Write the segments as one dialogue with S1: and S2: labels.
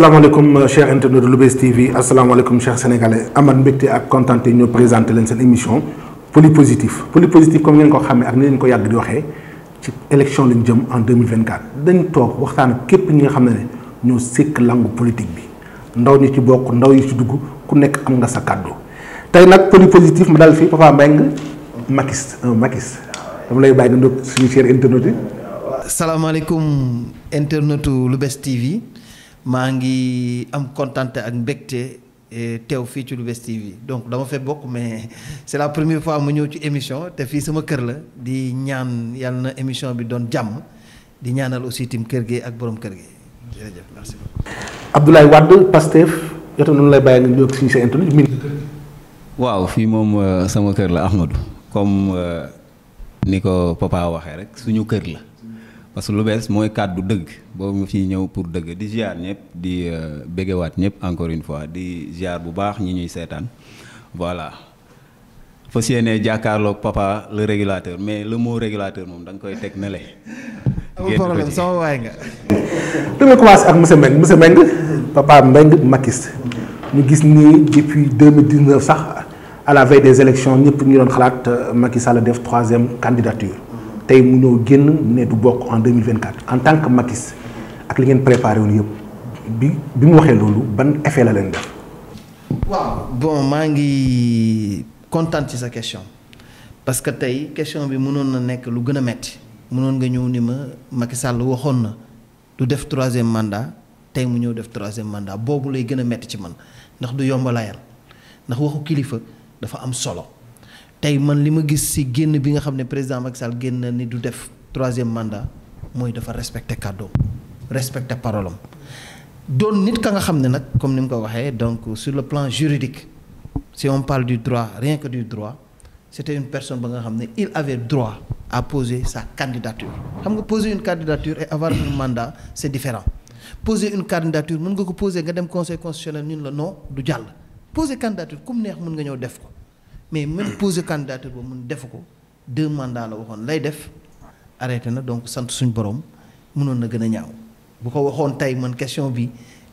S1: cher euh, chers internautes de Lou'Bess TV asalaamaaleykum chers sénégalais amat mbégte ak kontaan ñoo présenté leen seen émission Polipositif Polipositif comme ngeen ko xamee ak ni leen ko yàgg di waxee ci élection lañ jëm en 2024 dañ toog waxtaan képp ñi nga xam ne ñoo sékk langu politique bi ndaw ñi ci bokk ndaw ñu ci dugg ku nekk am nga sa kàddu tey nag Polipositif ma dal fii Papa Mbengue Makis euh, Makis dama lay bàyyi nga ndóog suñu chers internautes yi.
S2: salaamaaleykum internautes Lou'Bess TV. maa ngi am kontante ak mbégte eh, teew fii ci Lou'Bess TV donc dama fee bokk mais c'est la première fois mu ñëw ci émission te fii sama kër la di ñaan yàlla na émission bi doon jàmm di ñaanal aussi tim kër gi ak borom kër gi jërëjëf merci beaucoup.
S1: Abdoulaye Wade Pastef jotoon nañu lay bàyyi nga ñëw ci sa interview.
S3: waaw fii moom euh, sama kër la Ahmadou comme euh, ni ko papa waxee rek suñu kër la. parce lu bees mooy kàddu dëgg boobu mu ñëw pour dëgg di ziar ñëpp di euh, bégewaat ñëpp encore une fois di ziar bu baax ñi ñuy seetaan voilà fas yéene jàkkaarloog papa le régulateur mais le moo régulateur
S2: moom da koy teg nele. amul problème sama waay nga. dama commencé ak monsieur
S1: Mbengue monsieur Mbengue papa Mbengue Makis ñu gis ni depuis deux mille dix sax à la veille des élections ñëpp ñu doon xalaat euh, Macky Sall def troisième candidature. tey mu ñëw génn ne du bokk en 2024 en tant que Makis ak li ngeen préparé woon yëpp bi bi mu waxee loolu ban effet la leen def.
S2: waaw bon maa ngi kontaan ci sa question parce que tey question bi mënoon na nekk lu gën a metti mënoon nga ñëw ni ma Macky Sall waxoon na du def troisième mandat tey mu ñëw def troisième mandat boobu lay gën a metti ci man ndax du yombalayal ndax waxu kilifa dafa am solo. tey man li ma gis si génn bi nga xam ne président Macky Sall génn na ni du def troisième mandat mooy dafa respecté kàddoom respecté parole am doon nit ka nga xam ne nag comme ni mu ko waxee donc sur le plan juridique si on parle du droit rien que du droit c'était une personne ba nga xam ne il avait droit à poser sa candidature xam nga poser une candidature et avoir un mandat c'est différent poser une candidature mën nga ko poser nga dem conseil constitutionnel ñun la non du jàll poser candidature neex mën nga ñëw def ko mais même poser candidature ba mun defu ko deux la waxoon lay def arrêté na donc sant suñu borom mënoon na gën a ñaaw bu ko waxoon tey man question bi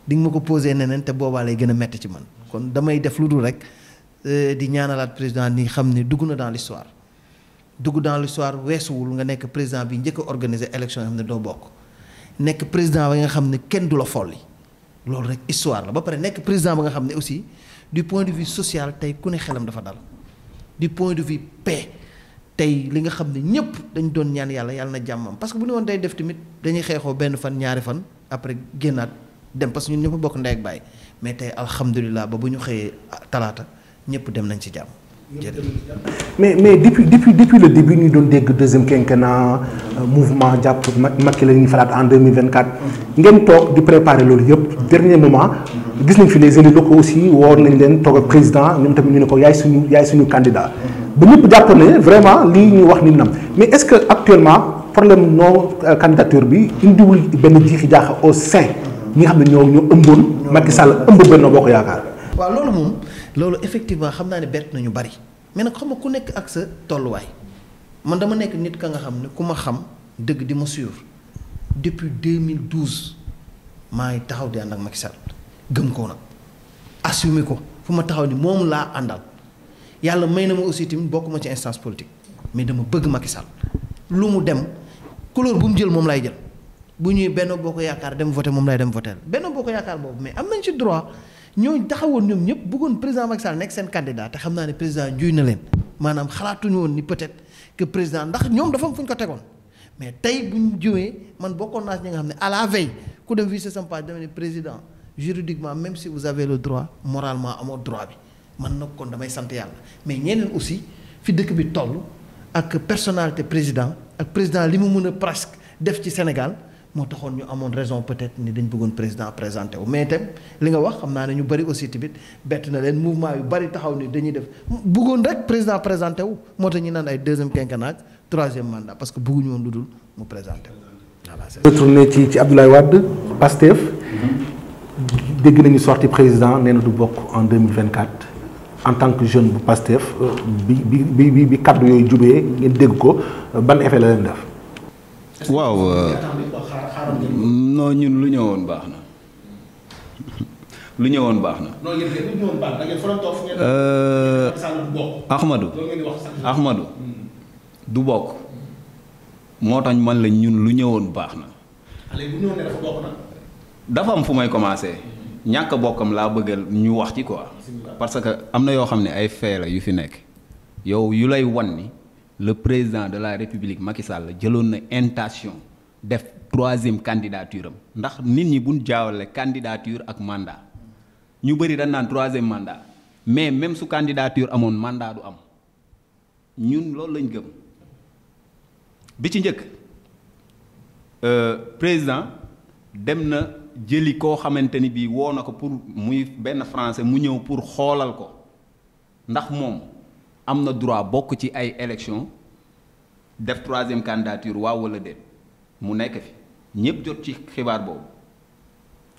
S2: di nga ma ko posé neneen te boobaa lay gën a métti ci man kon damay def lu dul rek euh, di ñaanalaat président ni xam ne dugg na dans l'histoire dugg dans l'histoire weesuwul nga nekk président bi njëkk a organiser élection yoo xam ne doo bokk nekk président ba nga xam ne kenn du la folli loolu rek histoire la ba pare nekk président ba nga xam ne aussi du point social tey ku ne dafa dal du point de vie paix tey li nga xam ne ñëpp dañ doon ñaan yàlla yàlla na jàmmam parce que bu ñu woon day def tamit dañuy xeexoo benn fan ñaari fan après génnaat dem parce que ñun ñëpp bokk ndey ak baay mais tey alhamdulilah ba bu ñu xëyee talaata ñëpp dem nañ ci jàmm.
S1: mais mais depuis depuis depuis le début ñu doon dégg deuxième quinquennat euh, mouvement jàpp Macky la ñuy falaat en 2024 ngeen toog di préparer loolu yëpp dernier moment gis nañ fi les élus locaux aussi woor nañ leen toog ak président ñoom tamit ñu ne ko yaay suñu yaay suñu candidat ba ñëpp jàpp ne vraiment lii ñuy wax ni nam mais est-ce que actuellement problème non euh, candidature bi indiwul benn jiixi jaaxa au sein ñi xam ne ñoo ñoo ëmboon Macky Sall ëmb benn boo ko yaakaar
S2: loolu effectivement xam naa ne bett nañu bari mais nag xam nga ku nekk ak sa tolluwaay man dama nekk nit ka nga xam ne ku ma xam dëgg di ma suivre depuis 2012 maa ngi taxaw di ànd ak Macky Sall gëm koo nag assume ko fu ma taxaw ni moom laa àndal yàlla may na ma aussi tamit bokk ma ci instance politique mais dama bëgg Macky Sall lu mu dem couleur bu mu jël moom lay jël bu ñuy benn boo ko yaakaar dem voté moom lay dem voté benn boo ko yaakaar boobu mais am nañ ci droit. ñooñu taxawoon ñoom ñëpp bëggoon président Macky Sall nekk seen candidat te xam naa ne président juy na leen maanaam xalaatuñu woon ni peut-être que président ndax ñoom dafa am fu ñu ko tegoon mais tey bu ñu jiwee man bokkoon naa si ñi nga xam ne à la veille ku dem visiter sama page dama ne président juridiquement même si vous avez le droit moralement amoo droit bi man nag kon damay sant yàlla mais ñeneen aussi fi dëkk bi toll ak personnalité président ak président li mu mën a presque def ci Sénégal. moo taxoon ñu amoon raison peut-être ni dañ bëggoon président présenté wu mais itam li nga wax xam naa ne ñu bëri aussi tamit bett na leen mouvement yu bëri taxaw ni dañuy def bëggoon rek président présenté wu moo tax ñu naan ay deuxième quinquennat troisième mandat parce que bëgguñu woon lu dul mu présenté wu. voilà c'est retourné ci
S1: ci Abdoulaye Wade Pastef dégg nañu sorti président nee na du bokk en 2024 en tant que jeune bu Pastef euh, bi bi bi bi kaddu yooyu jubee ngeen dégg ko euh, ban effet la leen def.
S3: waaw euh, non ñun lu ñëwoon baax na lu ñëwoon baax na.
S1: non yéen baax na ngeen faram euh, hmm. toog
S3: du bokk moo tax man la ñun lu ñëwoon baax na. dafa am fu may commencé. Hmm. ñàkk bokkam laa bëggal ñu wax ci quoi. parce que am na yoo xam ne ay fee yu fi nekk yow yu lay wan ni le président de la république Macky Sall jëloon na intention def troisième candidature am ndax nit ñi buñ jaawale candidature ak mandat ñu bëri dañ naan troisième mais même su candidature amoon mandat du am ñun loolu lañ gëm bi ci njëkk euh, président dem na jëli koo xamante ni bii woo na ko pour muy benn français mu ñëw pour xoolal ko ndax moom am na droit bokk ci ay élection def troisième candidature waaw wala déet mu nekk fi ñëpp jot ci xibaar boobu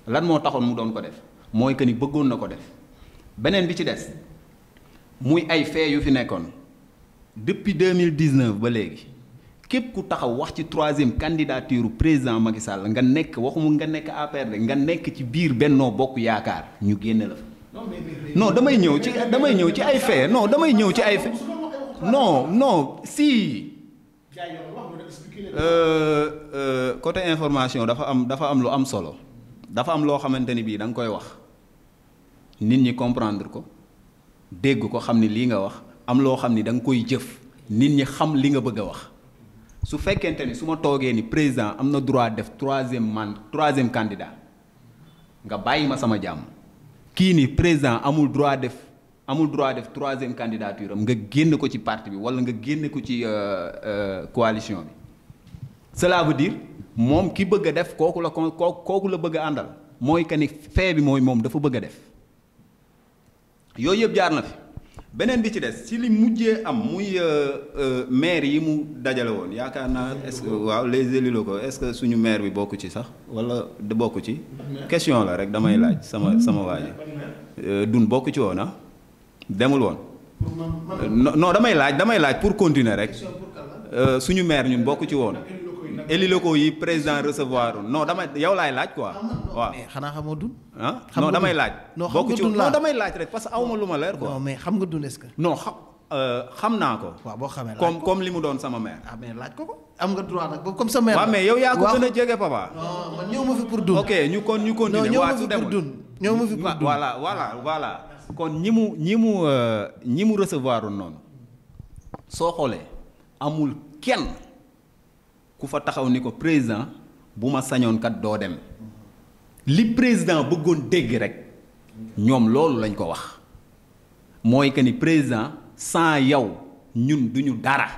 S3: lan moo taxoon mu doon ko def mooy que ni bëggoon na ko def beneen bi ci des muy ay fee yu fi nekkoon depuis 2019 ba léegi képp ku taxaw wax ci troisième candidature président Macky Sall nga nekk waxumu nga nekk APR de nga nekk ci biir bennoo Bokk Yaakaar ñu génne la fa non damay ñëw ci damay ñëw ci ay fait non damay ñëw ci ay fait non non si euh, euh, côté information dafa am dafa am lu am solo dafa am loo xamante ni bii da nga koy wax nit ñi comprendre ko dégg ko xam ni lii nga wax am loo xam ni da nga koy jëf nit ñi xam li nga bëgg a wax su fekkente ni su ma toogee ni président am na droit def troisième man troisième candidat nga bàyyi ma sama jàmm kii ni président amul droit def amul droit def troisième candidature am nga génn ko ci parti bi wala nga génn ko ci euh, euh, coalition bi cela veut dire moom ki bëgg a def kooku la ko kooku la bëgg a àndal mooy que ni fee bi mooy moom dafa bëgg a def yooyu yëpp jaar na fi beneen bi ci des ci li mujjee am muy euh, euh, maire yi mu dajale woon yaakaar naa est-ce que waaw les élus ko est-ce que suñu maire bi bokk ci sax wala bokk ci question la rek damay laaj sama sama waa ji euh, dun bokk ci woon ah demul woon non damay laaj damay laaj pour continuer rek suñu maire ñun bokk ci woon élus locaux yi président recevoir non damay yow laay laaj quoi. waaw mais xanaa xamoo dun. ah non damay laaj. non xam nga dun non damay
S2: laaj rek parce que aw ma lu ma leer quoi. non xam nga dun est-ce que.
S3: Euh, xam naa ko. waaw boo xamee laaj comme li mu doon sama mère. ah laaj ko ko
S2: am nga droit nag comme sa mère. waaw mais yow yaa ko gën a
S3: jege papa. non man ñëw ma fi pour dun. ñu kon ñu continuer. waaw su ma fi pour
S2: dun voilà
S3: voilà kon ñi mu ñi mu euh, ñi mu recevoir noonu soo xoolee amul kenn. ku fa taxaw ni ko président bu ma sañoon kat doo dem li président bëggoon dégg rek ñoom loolu lañ ko wax mooy que ni président sans yow ñun duñu dara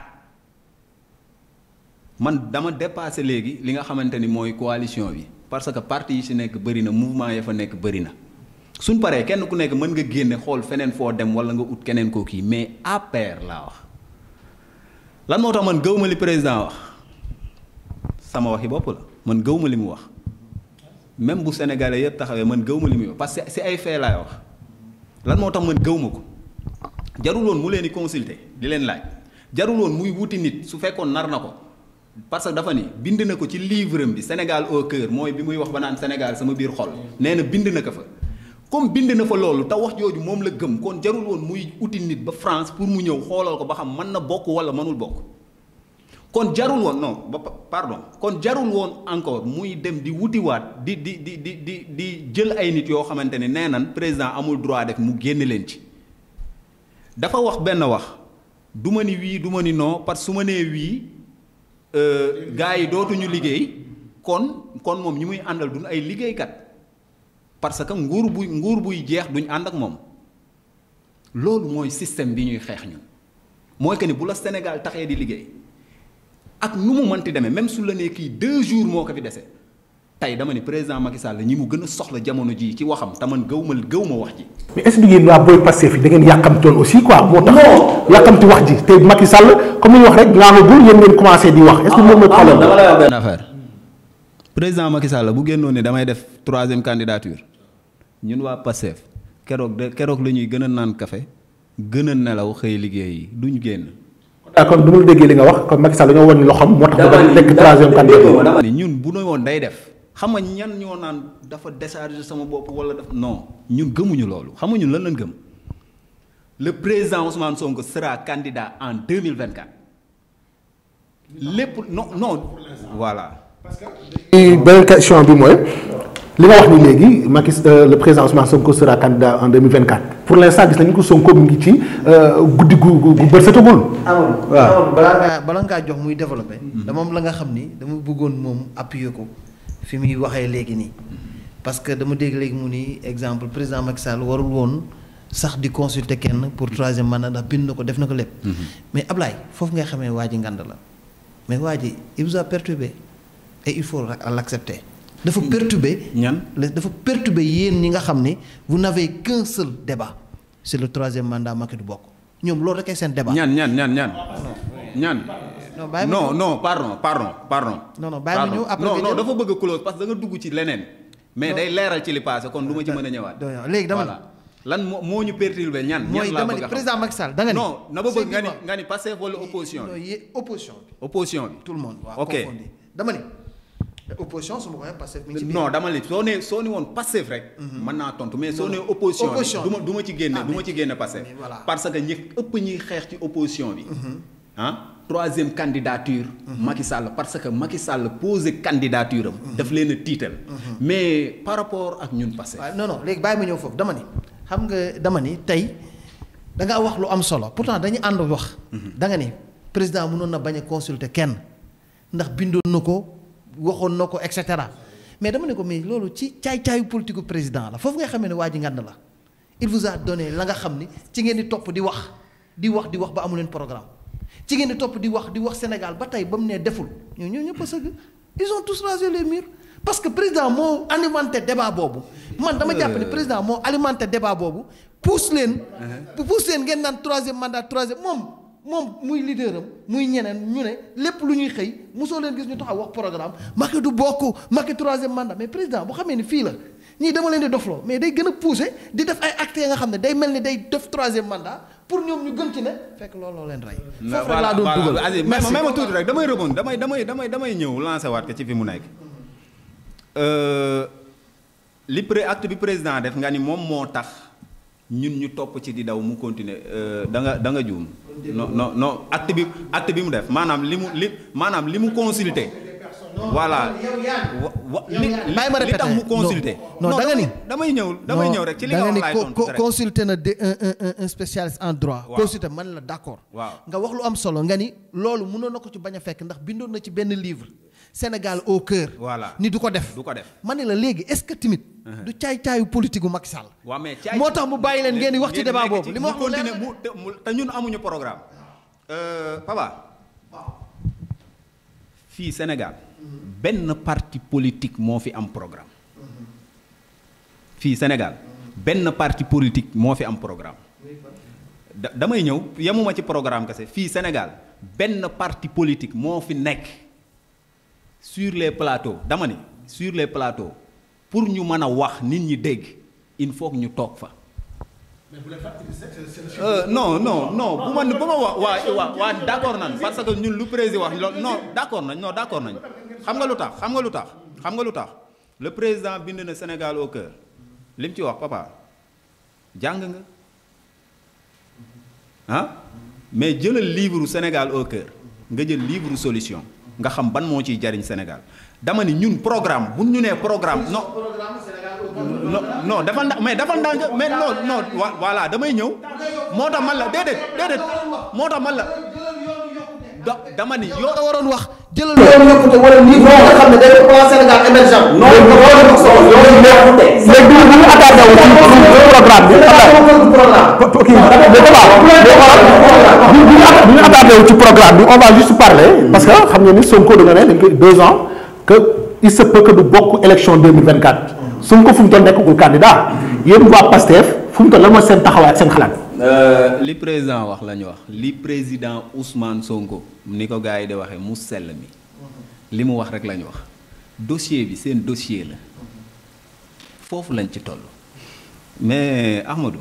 S3: man dama dépassé léegi li nga xamante ni mooy coalition bi parce que parti yi si nekk bëri na mouvement ya fa nekk bëri na suñ paree kenn ku nekk mën nga génne xool feneen foo dem wala nga ut keneen ko kii mais APR laa wax lan moo tax man gëwma li président wax sama wax waxi bopp la man gëw ma li mu wax même bu Sénégalais yëpp taxawee man gëw ma li muy wax parce que si ay fee laay wax lan moo tax man gëw ma ko jarul woon mu leen di consulter di leen laaj jarul woon muy wuti nit su fekkoon nar na ko parce que dafa ni bind na ko ci livre am bi Sénégal au cœur mooy bi muy wax ba naan Sénégal sama biir xol nee na bind na ko fa. comme bind na fa loolu te wax moom la gëm kon jarul woon muy wuti ba France pour mu ñëw xoolal ko ba xam mën na bokk wala mënul bokk. kon jarul woon non ba pardon kon jarul woon encore muy dem di wutiwaat di di di di di di jël ay nit yoo xamante ne nee nan président amul droit def mu génn leen ci dafa wax benn wax du ma ni wii du ma ni non parce que su ma nee wii euh, gars yi dootuñu liggéey kon kon moom ñi muy àndal duñ ay liggéeykat parce que nguur buy nguur buy jeex duñ ànd ak moom loolu mooy système bi ñuy xeex ñu mooy que ni bu la Sénégal taxee di liggéey. ak nu mu mënti demee même su la nee kii deux jours moo ko bi dese tey dama ne président Macky Sall ñi mu gën a soxla jamono ji ci waxam te man gëw ma gëw ma wax ji.
S1: mais est-ce que yéen waa booy Pastef aussi quoi. moo tax yàkkamti wax ji te Macky Sall comme wax rek ñaanagul yéen ngeen commencé di wax. est-ce que ah, wax
S3: benn affaire président Macky Sall bu génnoon ne damay def troisième candidature ñun waa Pastef keroog de keroog la ñuy gën a naan café gën a nelaw xëy liggéey yi duñ génn.
S1: ah kon du ma déggee li nga wax kon Macky Sall dañoo woon loxoom moo tax mu nekk troisième candidat
S3: ñun bu ñu woon day def xam nga ñan ñoo naan dafa décharger sama bopp wala daf non ñun gëmuñu loolu xam nga ñun lan lañ gëm le président Ousmane Sonko sera candidat en deux mille vingt quatre lépp non non. voilà. parce que
S1: beneen question bi mooy. li nga wax ni léegi makis euh, le président Ousmane Sonko sera candidat en 2024 pour l'instant gis nañu ko son mu ngi ci euh, guddi gu gu bët setagul. amul
S2: amul ngaa balaa ngaa jox muy développé. Hmm. dama am la nga xam ni dama bëggoon moom appuyer ko fi muy waxee léegi nii parce que dama dégg léegi mu ni exemple président Macky Sall warul woon sax di consulter kenn pour man na ndax bind na ko def na ko lépp. Hmm. mais Ablaye foofu ngay xamee waa ji ngand la mais waa ji a perturbé et il faut l'accepter. dafa hmm. perturber ñan dafa perturber yéen ñi nga xam ni bu n'avez qu'un seul débat c'est le troisième mandat Macky du bokk ñoom loolu rek ay seen débat.
S3: ñaan ñaan ñaan ah, ñaan ñaan. non bàyyi non non pardon pardon pardon.
S2: non non bàyyi ma ñëw après non non
S3: bëgg a close parce que nga dugg ci leneen. mais day leeral ci li passé kon du ma ci mën a ñëwaat. léegi dama lan moo moo ñu perturbé ñan. ñan laa bëgg a xam mooy dama ni président Macky
S2: Sall da nga ni. non na ba bëgg nga ni nga ni opposition bi. tout le monde. waaw ok dama ni. te opposition su ma ko waxee Pastef mi ci non dama
S3: li soo nee soo ni woon Pastef rek. Mhm. mën naa tontu mais soo nee opposition bi du ma du ci génne ah, du ma parce que ñi ëpp ñuy xeex ci opposition bi. Mhm. ah troisième candidature. Mhm. Macky Sall parce que Macky Sall posé candidature am. daf leen a tiital. mais par rapport ak
S2: ñun Pastef. non non léegi bàyyi ma ñëw foofu dama ni xam nga dama ni tey da wax lu am solo pourtant dañu ànd wax. da nga ni président mënoon na bañ a consulter kenn ndax bindoon na ko. waxoon na ko et cetera mais dama ne ko mais loolu ci caay-caayu politique président la foofu nga xamee ne waa ji ngand la il vous a donné la nga xam ni ci ngeen di topp di wax di wax di wax ba amu programme ci ngeen di topp di wax di wax Sénégal ba tey ba mu nee deful ñoo ñoo ñëpp a sëgg ils ont tous rasé les murs parce que président moo alimenté débat boobu man dama jàpp ne président moo alimenté débat boobu pousse leen
S3: uh-huh.
S2: pousse leen ngeen naan troisième mandat troisième moom moom muy leader am muy ñeneen ñu ne lépp lu ñuy xëy musoo leen gis ñu taxaw wax programme Macky du bokk Macky troisième mandat mais président bu xamee ni fii la ñii dama leen di dofloo mais day gën a poussé di def ay actes yi xam ne day mel ni day def troisième mandat pour ñoom ñu gën ci ne fekk looloo leen rey. foofu rek laa doon dugal merci ma
S3: tuuti rek damay rebond damay damay damay damay ñëw lancé waat ko ci fi mu nekk. Euh, li pré bi président def nga ni moom moo tax. ñun ñu topp ci di daw mu continuer euh, da nga da nga juum. no non non acte bi acte bi mu def maanaam li mu li maanaam li mu consulter.
S2: voilà wa li tax mu consulter. non da nga ni damay ñëw damay ñëw rek ci li nga wax laay tontu rek consulter na de un un spécialiste en droit. consulter man la d'accord. waaw nga wax lu am solo nga ni loolu munoo na ko ci bañ a fekk ndax bindoon na ci benn livre. Sénégal au cœur. voilà ni du ko def du ko def. ma ne la léegi est-ce que timit uh-huh. du caay caayu politique gu Macky Sall.
S3: waaw mais caay moo tax mu bàyyi leen ngeen di wax ci débat boobu. li ma wax mu te ñun amuñu programme. Euh, Papa. fii Sénégal. benn parti politique moo fi am programme. Uh-huh. fii Sénégal. benn parti politique moo fi am programme. da damay ñëw yemuma ci programme kese fii Sénégal benn parti politique moo fi nekk. sur les plateaux dama ni sur les plateaux pour ñu mën a wax nit ñi dégg il faut ñu toog fa.
S1: mais bu leen euh, non
S3: bu ma bu ma wax waa waa d' accord nañ parce que ñun lu président wax loolu non d' accord nañ xam nga lu tax xam nga lu tax xam nga lu tax le président bind na Sénégal au cœur li ci wax papa jàng nga ah mais jëlal livre Sénégal au cœur nga jël livre solution. nga xam ban moo ciy jariñ Sénégal dama ni ñun programme bu ñu nee programme no non dafa ndax mais dafa ndànk mais non non voilà damay ñëw moo tax man la déedéet déedéet moo tax man la donc dama ni yow da waroon wax jëlal loolu
S2: yokkute wala nii boo nga xam ne day plan Sénégal émergent noonu loolu nag solo loolu neexute léegi bu ñu attaqué wu ci programme bi bu
S1: ñu attaqué wu ci programme bi on va juste parler parce que xam nga ni Sonko da nga ne dañ koy deux ans que il se peut que du bokk élection 2024 Sonko fu mu toll nekkagul candidat yéen waa PASTEF fu mu toll lan mooy seen taxawaay ak seen xalaat
S3: Euh, li président wax la ñu wax li président Ousmane Sonko ni ko gars yi di waxee mu sell mi li mu wax rek la wax dossier bi seen dossier la foofu lañ ci toll mais Ahmadou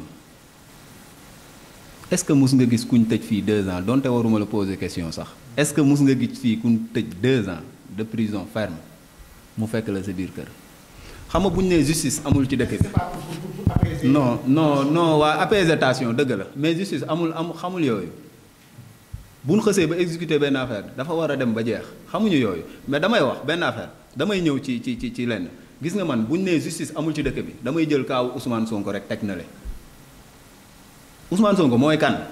S3: est-ce que mus nga gis kuñ tëj fii deux ans donte waruma la poser question sax est-ce que mus nga gis fii kuñ tëj deux ans de prison ferme mu fekk la sa biir kër xam nga bu ñu nee justice amul ci dëkk bi. non non non waa apaisétation dëgg la mais justice amul am xamul yooyu bu ñu xësee ba exécuter benn affaire dafa war a dem ba jeex xamuñu yooyu mais damay wax benn affaire damay ñëw ci ci ci ci lenn gis nga man buñ ñu nee justice amul ci dëkk bi damay jël kaawu Ousmane Sonko rek teg na le Sonko mooy kan.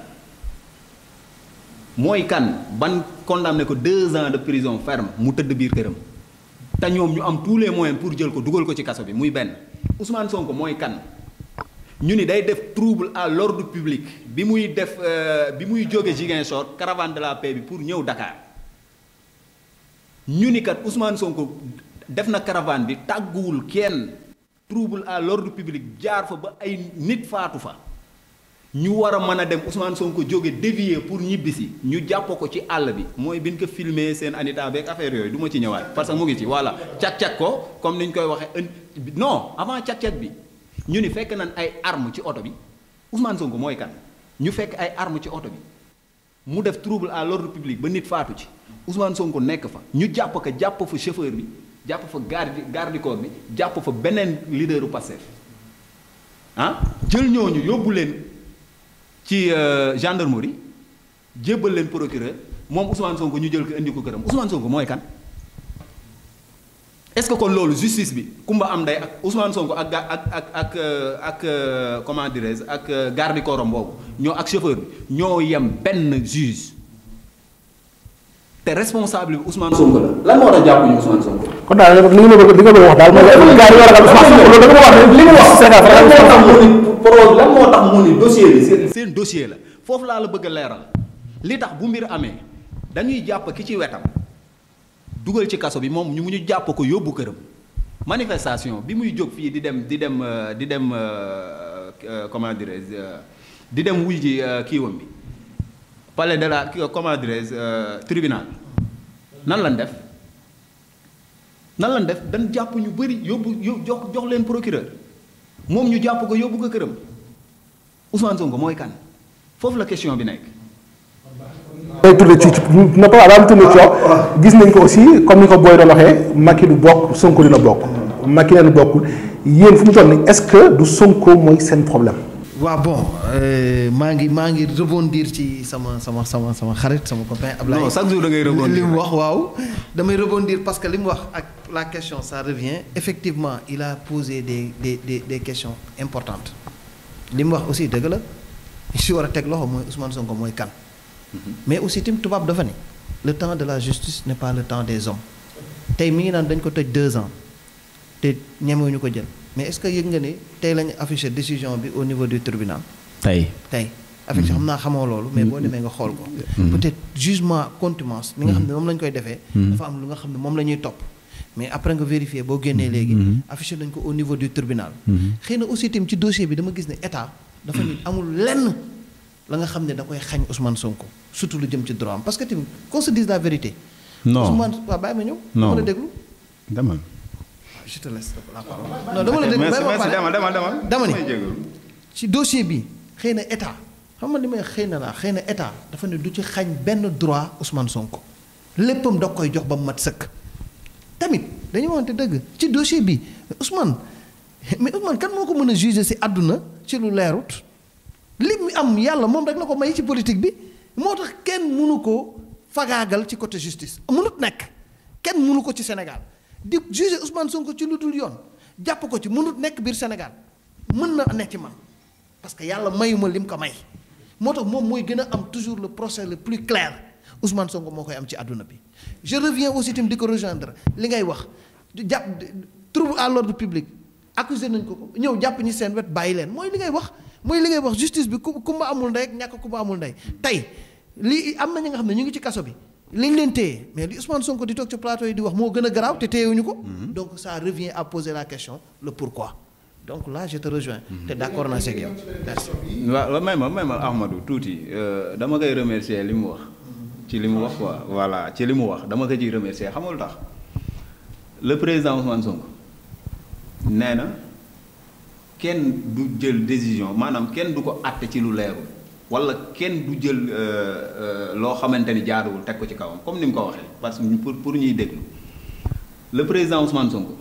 S3: mooy kan ban condamné ko deux ans de prison ferme mu tëdd biir këram te ñoom ñu am tous les moyens pour jël ko dugal ko ci kaso bi muy benn Ousmane Sonko mooy kan ñu ni day def trouble à l'ordre public bi muy def euh, bi muy jóge Ziguinchor caravane de la paix bi pour ñëw Dakar ñu ni kat Ousmane Sonko def na caravane bi tàgguwul kenn trouble à l'ordre public jaar fa ba ay nit faatu fa ñu war a mën a dem Ousmane Sonko jóge dévier pour ñibbisi ñu jàpp ko ci àll bi mooy bi ñu ko seen anita beeg affaire yooyu duma ci ñëwaat parce que mu ngi ci voilà cag-cag ko comme ni ñu koy waxee non avant cag-cag bi ñu ni fekk nañ ay arme ci oto bi Ousmane ko mooy kan ñu fekk ay arme ci oto bi mu def trouble à l'ordre public ba nit faatu ci Ousmane Sonko nekk fa ñu jàpp ko jàpp fa chauffeur bi jàpp fa garde garde corps bi jàpp fa beneen leaderu Pastef ah jël ñooñu yóbbu leen ci euh, gendarmerie jébbal leen procureur moom Ousmane Sonko ñu jël ko indi ko këram Ousmane Sonko mooy kan. est-ce que kon loolu justice bi kumba am day ak Ousmane Sonko ak ak ak ak euh, ak euh, comment dirais-je ak garde corps boobu ñoo ak chauffeur bi ñoo yem benn juge te responsable bi Ousmane Sonko la lan moo tax jàpp ñu Ousmane Sonko.
S1: kon daal li nga bëgg li nga bëgg wax daal mooy. li nga bëgg wax daal
S3: pro lan moo tax mu ni dossier bi seen. seen la foofu laa la bëgg a leeral li tax bu mbir amee dañuy jàpp ki ci wetam dugal ci kaso bi moom ñu mu ñu jàpp ko yóbbu këram manifestation bi muy jóg fii di dem di dem euh, di dem euh, euh, comment dirais di dem wuy ji kiiwam bi palais de la comment dirais tribinal nan lan def nan lan def dañ jàpp ñu bëri yóbbu jox jox leen procureur. moom ñu jàpp ko yóbbu ko këram Ousmane Sonko mooy kan foofu la question bi nekk.
S1: day tourné ci na Papa daan ah, ah. gis nañ ko aussi comme ni ko Boy doon waxee Macky du bokk Sonko dina bokk Macky dina bokk yéen fu mu toll nii est-ce que du Sonko mooy seen problème.
S2: waaw bon euh, maa ngi maa ngi rebondir ci sama sama sama sama xarit sama copain Ablaye. non chaque jour da ngay rebondir li wax waaw. damay rebondir parce que li mu wax ak la question ça revient effectivement il a posé des de de des questions importantes li mu wax aussi dëgg la si war a teg loxo mooy Ousmane Sonko mooy kan. Mhm. mais aussi tim tubaab dafa ne. le temps de la justice ne pas le temps des hommes tey mi ngi naan dañ ko tëj deux ans te ñu ko jël. mais est-ce que yëg nga ni tey lañu affiché décision bi au niveau du tribunal. tey tey. affiché xam naa xamoo loolu mais boo demee nga xool ko. Mm-hmm. peut-être jugement contumace. li nga xam ne moom lañ koy defee. Mm-hmm. dafa am lu nga xam ne moom la ñuy topp. mais après nga vérifier boo génnee léegi. Mm-hmm. affiché nañ ko au niveau du tribunal. xëy na aussi itam ci dossier bi dama gis ne état. dafa nit amul lenn la nga xam ne da koy xañ Ousmane Sonko surtout lu jëm ci droit am parce que tamit qu'on se dise la vérité. non Ousmane waaw bàyyi ma ñëw. non je te laisse la parole. non dama la dégg mais merci demal demal demal. ci dossier bi xëy na état xam nga li xëy na laa xëy na état dafa ne du ci xañ benn droit Ousmane Sonko léppam dog koy jox ba mu mat sëkk. tamit dañu wante dëgg ci dossier bi Ousmane mais Ousmane kan moo ko mën a juger ci àdduna ci lu leerut li mu am yàlla moom rek la ko may ci politique bi moo tax kenn mënu ko fagaagal ci côté justice mënut nekk kenn mënu ko ci Sénégal. di juger Ousmane Sonko ci lu dul yoon jàpp ko ci mënut nekk biir Sénégal mën na ne ci man parce que yàlla mayuma lim ko may moo tax moom mooy gën a am toujours le procès le plus clair Ousmane Sonko moo koy am ci àdduna bi. je reviens aussi tamit di ko rejoindre li ngay wax jàpp trouble à l'ordre public accusé nañ ko ñëw jàpp ñi seen wet bàyyi leen mooy li ngay wax mooy li ngay wax justice bi ku kumba amul ndey ak ñàkk kumba amul ndey tey lii am na ñi nga xam ne ñu ngi ci kaso bi. li liñ leen téye mais li Ousmane Sonko di toog ci plateau yi di wax moo gën a garaaw te téyewuñu ko. Mhm. donc ça revient à la question la pourquoi. donc là je te rejoins. Mhm. te d'accord naa seeg yow merci.
S3: waaw may ma may ma Ahmadou tuuti euh, dama koy remercier li mu wax. ci li mu wax quoi voilà ci li mu wax dama ko ciy remercier xamul tax le président Ousmane Sonko nee na kenn du jël décision maanaam kenn du ko àtte ci lu leeru wala kenn du jël euh, euh, loo xamante ni jaaduwul teg ko ci kawam comme ni mu ko waxee parce que pour pour ñuy déglu le président Ousmane Sonko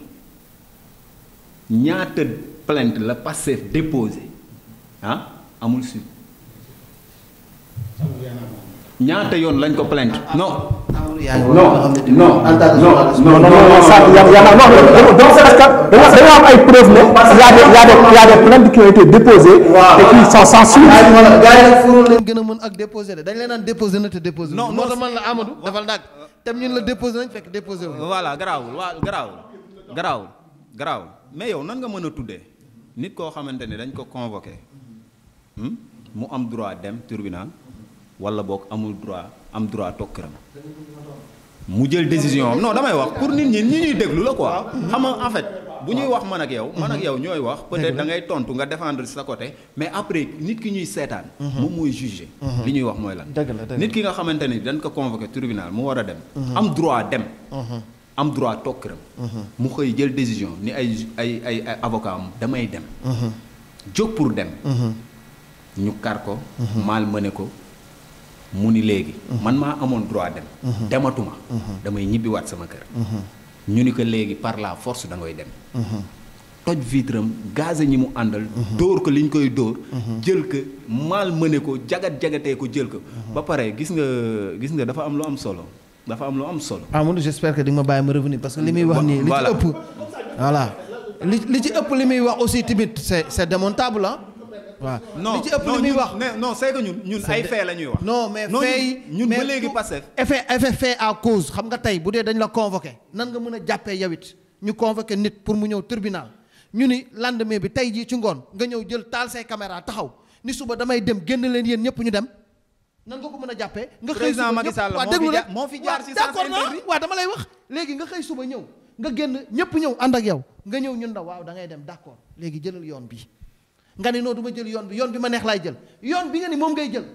S3: ñaata plainte la Pastef déposé ah amul suite. ñaata yoon lañ ko plainte non.
S1: non
S2: non non non Sadio y' a
S1: am ay preuves ne y' a des y' a des y' a des plaintes qui ont été déposées. waaw et qui sont sans suite. leen
S2: gën a mën ak déposé de dañ leen naan déposé na te déposé. non non man la Amadou dafal nag tam ñun la déposé nañ fekk déposé
S3: wu. voilà garaawul waaw garaawul garaawul garaawul mais yow nan nga mën a tuddee nit koo xamante ne dañ ko convoqué hmm? mu am droit dem tribunal. wala boog amul droit am droit toog këram. mu jël décision non damay wax pour nit ñi ñi ñuy déglu la quoi. xam a en fait bu ñuy wax man ak yow. man ak yow ñooy wax peut-être tontu nga défendre sa côté. mais après nit ki ñuy seetaan. Mhm. moom mooy juger. Mhm. li ñuy wax mooy lan. nit ki nga xamante ni dañ ko convoqué tribunal mu war a dem. Mhm. am droit dem. am droit toog këram. mu xëy jël décision ni ay ay ay ay avocat am damay dem. jóg pour dem. ñu kar ko. mal mëne ko. mu ni léegi. man maa amoon droit dem. dematuma. damay ñibbiwaat sama kër. ñu ni ko léegi par la force da ngay dem. toj vitre am gaz ñi mu àndal. dóor ko li ñu koy dóor. jël ko mal mëne ko jagat jagatee ko jël ko. ba pare gis nga gis nga dafa am lu am solo dafa am lu am solo.
S2: Amadou j'espère que di nga ma bàyyi ma revenir parce que li muy wax nii. li ci ëpp voilà li li ci ëpp li muy wax aussi tamit c'est c'est démontable ah. waaw li ci ëpp li muy wax non c'est ñun ñun ay fait la ñuy wax. non mais fait yi ñun ba léegi passé. effet effet fait à cause xam nga tey bu dee dañ la convoqué nan nga mën a jàppee yow it ñu convoqué nit pour mu ñëw tribunal ñu ni lendemain bi tey jii ci ngoon nga ñëw jël taal say caméra taxaw ni suba damay dem génn leen yéen ñëpp ñu dem. nan nga ko mën a jàppee nga xëy suba ñëpp waa déglu rek moo fi jaar ci d'accord na waaw dama lay wax léegi xëy suba ñëw nga génn ñëpp ñëw ànd ak yow nga ñëw ñun ndaw waaw da ngay dem d'accord léegi jëlal yoon bi nga ni noo du ma jël yoon bi yoon bi ma neex laay jël yoon bi nga ni moom ngay jël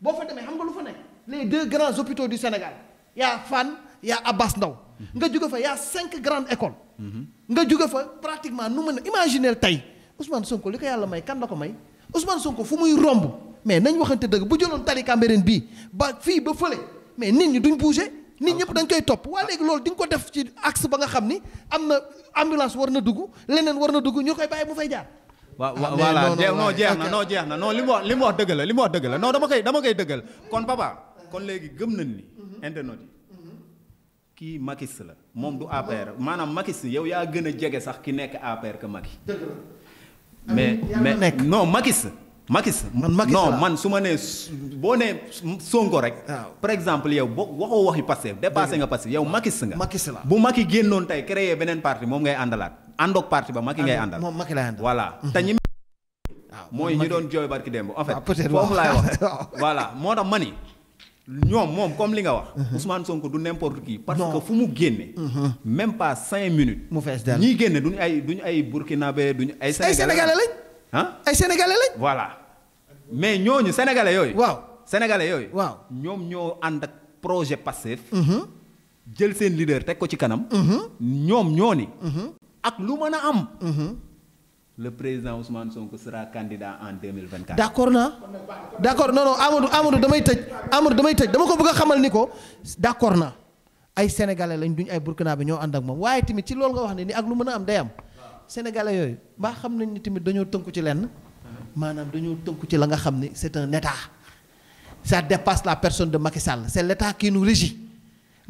S2: boo fa demee xam nga lu fa nekk les deux grands hôpitaux du Sénégal yaa Fann yaa Abass Ndao mhm. nga jugo fa yaa cinq grandes écoles mhm. nga jóge fa pratiquement nu mën a imaginer tey Ousmane Sonko li ko yàlla may kan la ko may Ousmane Sonko fu muy romb mais nañ waxante dëgg bu jëloon tali Cambérène bii ba fii ba fële mais nit ñi duñ bouger nit ñëpp dañ koy topp waa léegi loolu di nga ko def ci ba nga xam ni am na ambulance war na dugg leneen war na dugg ñu koy bàyyi mu fay jaar
S3: waaw ah, voilà non jeex jeex na non li mu wax li mu wax dëgg la li mu wax dëgg la koy dama koy dëggal kon papa kon léegi gëm nañ ni mhm. mhm. kii Makis la moom du APR maanaam Makis yow yaa gën a jege sax ki nekk APR que Macky mais mais non Makis Makis man Makis non man su ma nee boo nee Sonko rek. par exemple yow boo waxoo waxi Pastef dépassé nga Pastef yow Makis nga. Makis la bu Macky génnoon tey créer beneen parti moom ngay àndalaat. àndoog parti ba Macky ngay àndal waaw mm-hmm. ah, doon jooy barki démb en fait ah, foofu moo tax ma ni ñoom moom comme li nga wax mm-hmm. Ousmane Sonko du n'importe qui parce que fu mu génne mm-hmm. même pas cinq minutes
S2: mu fees dara ay
S3: génne duñu ay duñu ay du duñu ay sénégalais lañ ah ay sénégalais lañ voilà mais ñooñu sénégalais yooyu waaw sénégalais yooyu waaw ñoom ñoo ànd ak projet Pastef jël seen leader teg ko ci kanam ñoom ñoo ni ak lu mën a am. Mhm. le président Ousmane Sonko sera candidat en 2024. d' accord naa
S2: d' accord non non Amadou Amadou damay tëj Amadou damay tëj dama ko bëgg a xamal ni ko d' accord naa ay sénégalais lañ duñ ay burkinabé ñoo ànd ak moom waaye tamit ci loolu nga wax ne ni ak lu mën a am day am sénégalais yooyu mbaa xam nañ ni tamit dañoo tënku ci lenn maanaam dañoo tënku ci la nga xam ni c' est un état ça dépasse la personne de Macky Sall c' est l' état qui nous régit.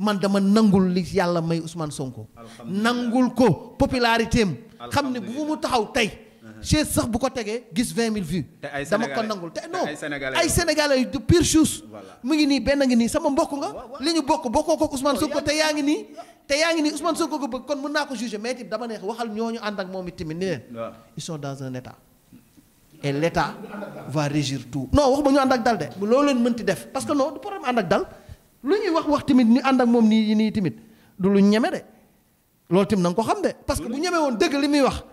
S2: man dama nangul li yàlla may Ousmane Sonko. nangul ko popularité am. xam ne bu mu taxaw tey. Uh-huh. chaise sax bu ko tegee gis vingt mille vues. dama ko nangul
S3: te non ay sénégalais
S2: de pire chose. mu ngi nii benn ngi nii sama mbokk nga. li ñu bokk bokkoo ko Ousmane oh, Sonko te yaa ngi nii. te yaa ngi nii Ousmane Sonko ko bëgg kon mun naa ko juger mais tamit dama neex waxal ñooñu ànd ak moom it tamit ni leen. ils sont dans un état. et l' régir tout. non wax ba ñu ànd ak dal de. loolu leen mënti def parce que non du problème ànd dal. lu ñuy wax wax tamit ñu ànd ak moom nii nii tamit du lu ñeme de loolu tamit na ko xam de parce que bu ñeme woon dëgg li muy wax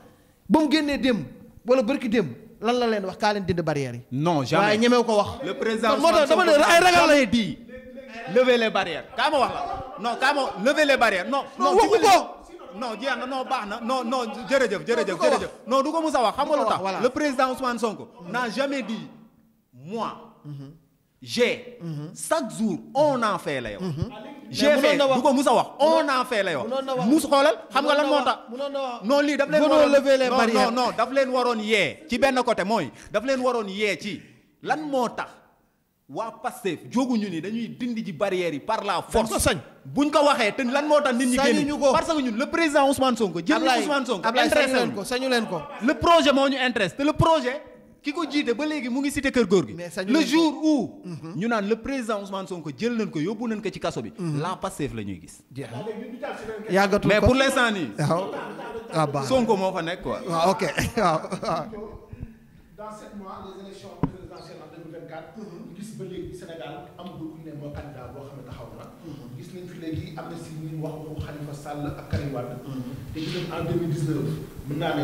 S2: ba mu génnee démb wala bërki démb lan la leen wax kaa leen dindi barrières yi. non jamais waaye ko wax. le président moo tax ne ay ragal lay
S3: di lever ma wax la non kaa ma lever les barrières non. non waxu ko. non na non baax na non non jërëjëf jërëjëf jërëjëf non du ko Moussa wax xam nga lu tax le président Ousmane Sonko n'a jamais di moi. Mhm. G. Mhm. chaque jour on en fait la yow. G du ko Moussa wax on en fait la yow. Moussa xoolal xam nga lan moo tax.
S2: non lii daf leen waroon non non daf leen waroon
S3: yee. ci benn côté mooy daf leen waroon yee ci lan moo tax waa Pastef jóguñu ni dañuy dindi ji barrière yi par la force. sañ buñ ko waxee te lan moo tax nit ñi génn parce que ñun le président Ousmane Sonko. Ablaye Ablaye sañu leen ko jël Ousmane Sonko le projet moo ñu intéresse te projet. ki ko jiite ba léegi mu ngi cité kër góor gi. le jour où. Mm-hmm. ñu naan le président Ousmane Sonko jël nañ ko yóbbu nañ ko ci kaso bi. Mm-hmm. la Pastef la ñuy gis.
S2: yàggatul ko mais pour l'instant nii. waaw ah, Sonko moo fa nekk quoi. Ah, waaw ok waaw
S1: dans sept mois les élections présidentielles en 2024. Mm-hmm. gis ba léegi Sénégal amul gis nañ fi léegi am na si ñu wax ko Khalifa Sall ak Karim Wade. te gis nañ en 2019 mën naa ne.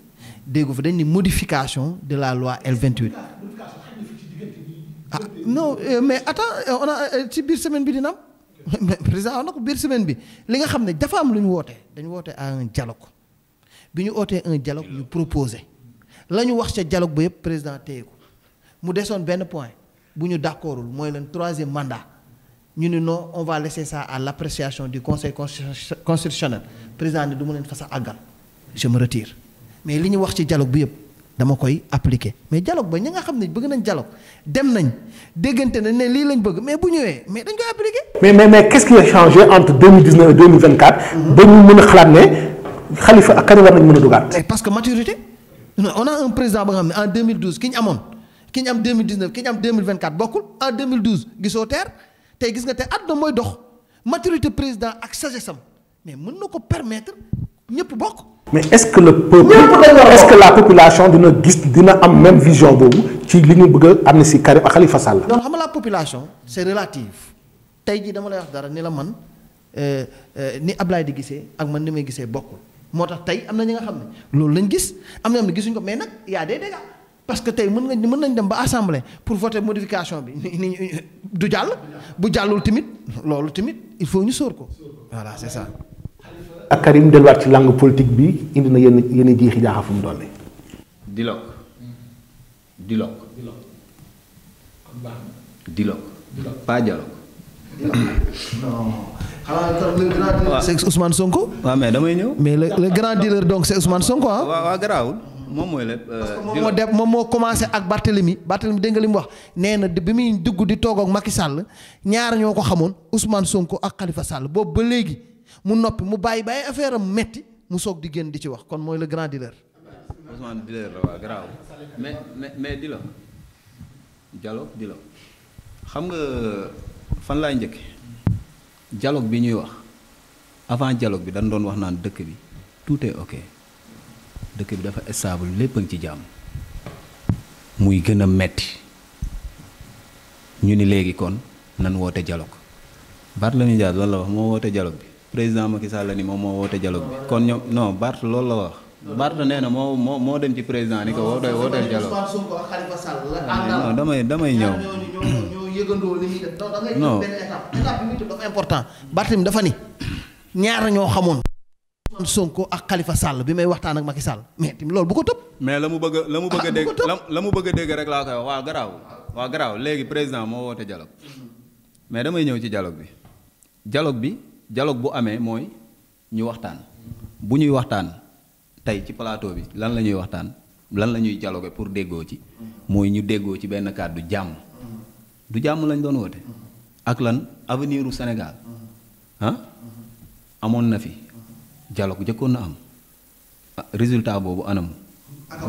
S2: déggu fa dañu ni modification de la loi L28. vingt ah non euh, mais attends euh, euh, ci biir semaine bi dina am. président wax na ko biir semaine bi li nga xam ne dafa am lu ñu woote dañu woote à un bi ñu ootee un dialogue ñu proposé la ñu wax ca dialogue ba yëpp président téye ko mu desoon benn point bu ñu d'accordul mooy leen troisième mandat ñu ne non on va laisser ça à l'appréciation du conseil constitutionnel président ne du ma leen fa sax àggal je me retire mais li ñu wax ci dialogue bi yëpp dama koy appliquer mais dialogue ba ñi nga xam ne bëgg nañ dialogue dem nañ déggante nañ ne lii lañ bëgg mais bu ñëwee mais dañ koy appliquer. mais mais mais qu'est-ce qui a
S1: ba ñu mën xalaat ne Khalifa ak Karim war nañ mën a dugaat.
S2: parce que maturité on a un président ba nga xam ne ki ñu amoon ki ñu am 2019 ki ñu am 2024 bokkul en gisoo teer tey gis nga te àdduna mooy dox maturité président ak sagesse am mais mun na ko permettre. ñëpp bokk. mais est-ce que
S1: le peuple est la population dina gis dina am même vision boobu ci li ñu bëgg a am si Karim ak Khalifa Sall. non xam
S2: nga la population c'est relative tey jii dama lay wax dara ni la man euh, euh, ni Ablaye di gisee ak man ni may gisee bokkul moo tax tey am na ñi nga xam ne loolu lañ gis am na ñoo xam ne gisuñ ko mais nag y a des parce que tey mën nga mën nañ dem ba assemblée pour voter modification bi ni du jàll bu jàllul tamit loolu tamit il faut ñu sóor ko
S1: ak Karim delluwaat ci langue politique bi indi na yenn yenn jiixi jaaxa fu mu doon dialogue dialogue
S2: Sonko waaw mais damay ñëw mais le grand dealer donc c'est Ousmane Sonko ah waaw garaawul
S3: moom mooy lépp euh, moom
S2: moo def commencé ak Barthélemy Barthélemy dégg nga li mu wax nee na bi muy dugg di toog ak Macky Sall ñaar ñoo ko xamoon Ousmane Sonko ak Khalifa Sall boobu ba léegi mu noppi mu bàyyi bàyyi affaire am metti mu soog di génn di ci wax kon mooy la grand dealer.
S3: Ousmane dealer la waa garaaw mais mais mais di la la xam nga fan laay njëkk dialogue bi ñuy wax avant dialogue bi dañ doon wax naan dëkk bi tout est ok dëkk bi dafa stable lépp a ngi ci jàmm muy gën a metti ñu ni léegi kon nan woote dialogue Barthélémy Dias loolu la wax moo woote dialogue bi président Macky Sall ni moom moo woote dialogue bi kon ñoom non Barth loolu la wax. Barth nee na moo moo moo dem ci président ni ko woote wooteel dialogue.
S2: non damay damay ñëw. non. important Barthélemy dafa ni ñoo xamoon. Sonko ak Khalifa Sall bi may waxtaan ak Macky Sall mais tamit bu ko
S3: mais la mu bëgg la mu bëgg a ah, la mu bëgg a rek laa koy wax garaaw. waa garaaw léegi président moo woote dialogue mais damay ñëw ci dialogue bi dialogue bi. dialogue bu amee mooy ñu waxtaan bu ñuy waxtaan tey ci palaato bi lan la ñuy waxtaan lan la ñuy dialogué pour déggoo ci mooy ñu déggoo ci benn kàddu jàmm du jàmm lañ doon woote ak lan avenir senegaal Sénégal ah, amoon na fi dialogue jëkkoon na am ah, résultat boobu anam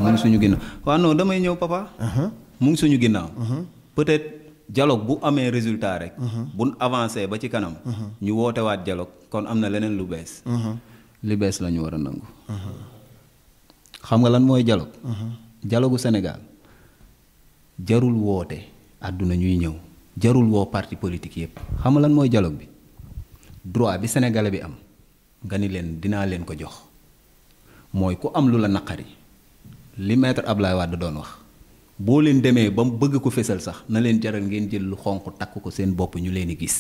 S3: mu suñu ginnaaw waaw non damay ñëw papa uh-huh. mu ngi suñu ginnaaw uh-huh. jaloog bu amee résultat rek. Mhm. buñ avancé ba ci kanam. Mhm. ñu waat dialogue kon am na leneen lu bees. Mhm. lu bees la war a nangu. xam nga lan mooy dialogue. dialogue gu Sénégal jarul woote àdduna ñuy ñëw jarul woo parti politique yépp xam nga lan mooy jaloog bi droit bi sénégalais bi am nga ni leen dinaa leen ko jox mooy ku am lu la naqari li maître Abdoulaye Wade doon wax. boo leen demee ba mu bëgg ko fesal sax na leen jaral ngeen jël lu xonq takk ko seen bopp ñu leen di gis.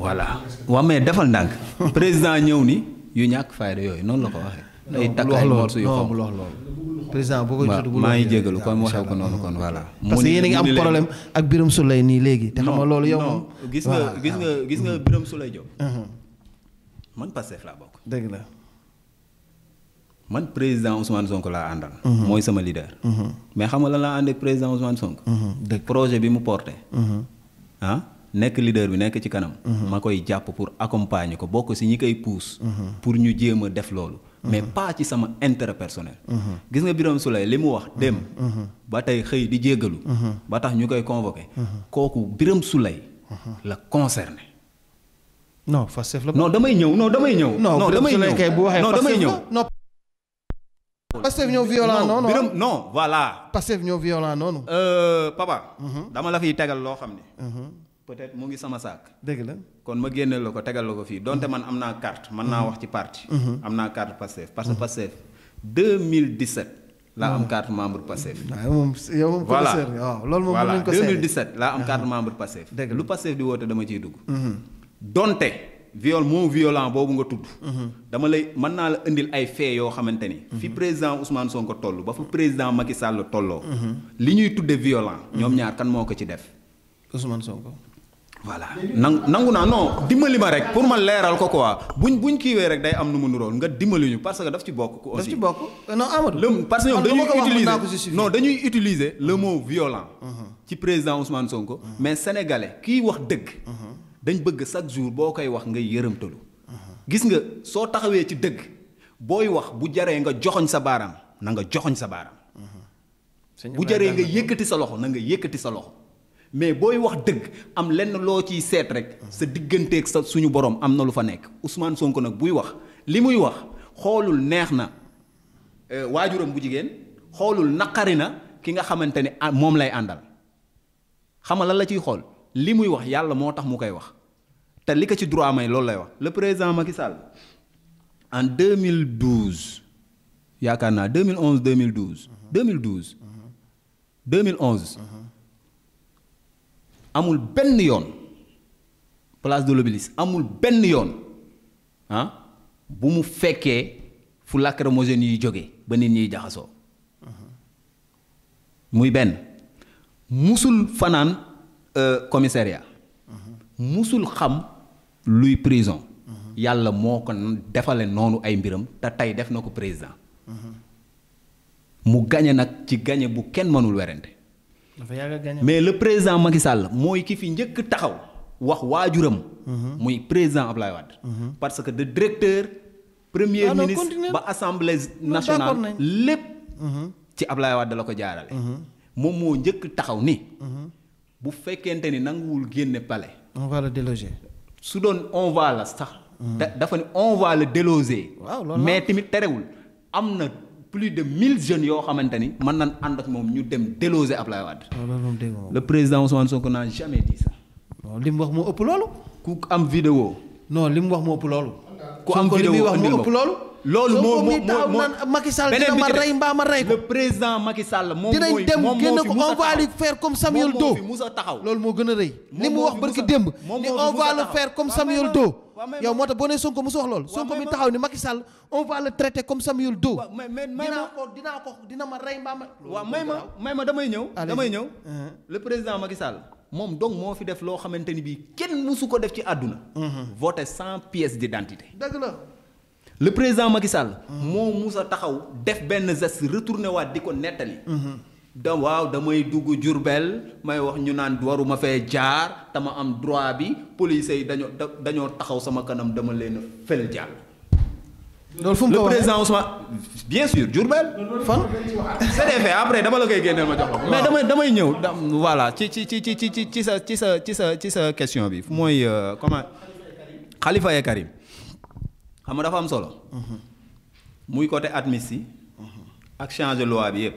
S3: voilà waaw mais defal ndànk président ñëw ni yu ñàkk fayda yooyu noonu la ko waxee.
S2: ay takk ay morso yu xonq lool président boo ko jotu maa ngi jégalu kon waxee
S3: ko noonu kon voilà.
S2: parce que yéen a ngi am problème ak Birame Souleye nii léegi. te xam nga loolu yow moom gis nga gis
S3: nga gis nga Birame Souleye Diop. Uh-huh. man Pastef laa bokk. dëgg la. man président Ousmane Sonko laa àndal. Mhm. mooy sama leader. Mhm. mais xam nga lan laa ànd président Ousmane Sonko. Mhm. dëgg projet bi mu porté. Ah, nekk leader bi nekk ci kanam. ma koy jàpp pour accompagner ko bokk si ñi koy pousse. pour ñu jéem a def loolu. mais pas ci sama intérêt personnel. gis nga Birame Souleye li mu wax dem. ba tey xëy di jéggalu. ba tax ñu koy convoqué. kooku Birame Souleye la concerné.
S2: non damay ñëw non damay ñëw. non damay ñëw non damay ñëw. Pastef ñoo violent noonu non non voilà. Pastef ñoo violent noonu.
S3: Euh, papa. dama la fiy tegal loo xam ne. peut-être mu ngi sama saak. dëgg la kon ma génneel la ko tegal la ko fii donte man am naa carte mën naa wax ci parti. Mhm. am naa carte Pastef parce que Pastef 2017. laa am mhm. carte membre Pastef. waaw ah, moom
S2: yow moom professeur waaw laa am ah. carte
S3: membre Pastef. dëgg la lu Pastef di woote dama ciy dugg. Mhm. donte. viol moo violent boobu nga tudd. Mhm. dama lay mën naa la indil ay faits yoo xamante ni. Mhm. fi président Ousmane Sonko toll ba fa mhm. président Macky Sall tolloo. li ñuy tudde violent. ñoom ñaar kan moo ko ci def.
S2: Ousmane Sonko. voilà nangu nangu naa non dimbali ma rek pour ma leeral
S3: ko quoi buñ buñ kiiwee rek day am nu mu nurool nga dimbali ñu parce que daf ci bokk.
S2: aussi daf ci bokk non Amadou. le parce que ñoom dañuy utiliser
S3: non dañuy utiliser le mot violent. ci président Ousmane Sonko. mais sénégalais dañ bëgg chaque jour boo koy wax ngay yërëmtalu gis nga soo taxawee ci dëgg booy wax bu jaree nga joxoñ sa baaraam na nga joxoñ sa baaraam bu jaree nga yëkkati sa loxo na nga yëkkati sa loxo mais booy wax dëgg am lenn loo ciy seet rek sa digganteeg sa suñu borom am na lu fa nekk Ousmane Sonko nag buy wax li muy wax xoolul neex na euh, waajuram bu jigéen xoolul naqari na ki nga xamante ne ah, moom lay àndal xam nga lan la ciy xool li muy wax yàlla moo tax mu koy wax te li ko ci droit may loolu lay wax le président Macky Sall en 2012 yaakaar naa 2011 2012. 2012. 2011. amul benn yoon place de l'Obélisque amul benn yoon ah bu mu fekkee fu lacrymogène yuy jóge ba nit ñiy jaxasoo. muy benn musul fanaan. Euh, commissariat musul xam luy prison yàlla moo ko defale noonu ay mbiram te tey def na ko président mu gañe nag ci gañe bu kenn mënul werante mais le président Macky Sall mooy ki fi njëkk taxaw wax waajuram mhm. muy président Ablaye Wade mhm. parce que de directeur premier ah, ministre ba assemblée nationale lépp mhm. ci Ablaye Wade la ko jaarale moom moo njëkk taxaw ni bu fekkente ni nanguwul génne pale on va le su doon on la sax. Hmm. dafa ni on va le waaw loolu mais tamit terewul am na plus de mille jeunes yoo xamante ni mën nañ ànd ak moom ñu dem déloger Ablaye Wade. le président Ousmane Sonko n'a jamais dit ça. li mu wax mu ëpp loolu. ku am
S2: vidéo. non li mu wax mu ëpp loolu.
S3: ku am vidéo ëpp loolu. loolu moo moo taw ma rey mbaa
S2: ma rey ko. le président Sall moom mooy dinañ dem génn ko on va loolu moo gën a ni on va le faire moo tax boo nee Sonko mu wax loolu Sonko mi taxaw ni Macky Sall on va le traiter comme Samuel ko dinaa ko dina ma rey mbaa ma. waaw ma damay ñëw. damay ñëw
S3: uh-huh. le président Macky Sall. moom donc moo fi def loo xamante ni bii kenn mësu ko def ci àdduna. Uh-huh. voter sans pièce d'identité. dëgg la. le président Macky Sall.
S2: moo musa
S3: taxaw def benn geste retourné waat di ko nettali. da waaw damay dugg Jurbel may wax ñu naan waruma fee jaar dama ma am droit bi police yi dañoo dañoo taxaw sama kanam dama leen a fël
S2: loolu fu mu ko waxee le président Ousmane
S3: bien sûr Diourbel. fan. c'est des après dama la koy génneel ma jox ko. mais damay damay ñëw voilà ci ci ci ci ci ci sa ci sa ci sa ci sa question bi mooy euh, comment. Khalifa et Karim. xam nga dafa am solo. muy côté admis yi. ak changer loi bi yëpp.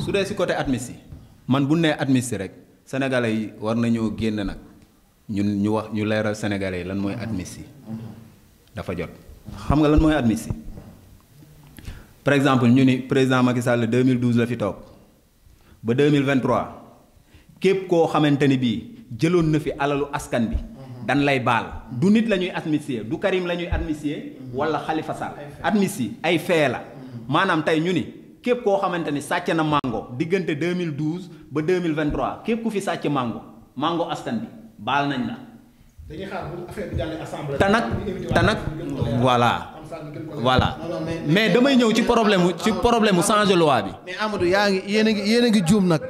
S3: su dee si côté admis yi man bu nee admis rek sénégalais yi war nañoo génn nag ñun ñu wax ñu leeral sénégalais yi lan mooy admis yi. dafa jot xam nga lan mooy admis yi par exemple ñu ni président Macky Sall 2012 la fi toog ba 2023 képp koo xamante ni bii jëloon na fi alalu askan bi. dan lay baal du nit la ñuy amnistier du Karim lañuy ñuy amnistier wala Khalifa Sall amnistie ay fee la maanaam tey ñu ni képp koo xamante ni sàcc na mango diggante deux mille 2012 ba deux mille 2023 képp ku fi sàcc mango mango askan bi baal nañ la.
S2: dañuy xaar bu affaire bi jàllee
S3: mais damay ñëw ci problème mu ci problème mu changer loi bi.
S2: mais Amadou yaa ngi yéen a ngi yéen ngi juum nag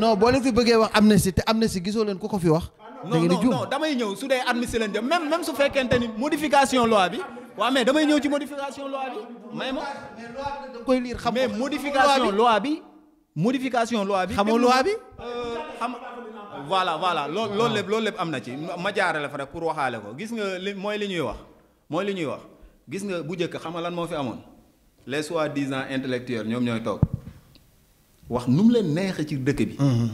S2: non boo leen fi bëggee wax amnistie te amnistie gisoo leen ku ko fi wax. da ngeen di juum non non damay ñëw su dee admissible leen même même su fekkente ni modification loi bi waaw mais damay ñëw ci modification loi bi may
S3: ma. mais koy lire xam mais modification loi bi. modification loi bi xamoo loi bi. xam voilà voilà loolu loolu lépp loolu lépp am na ci ma jaarale fa rek pour waxaale ko gis nga li mooy li ñuy wax mooy li ñuy wax gis nga bu njëkk xam nga lan moo fi amoon les soi-disant intellectuels ñoom ñooy toog wax nu mu leen neexee ci dëkk bi. Mhm.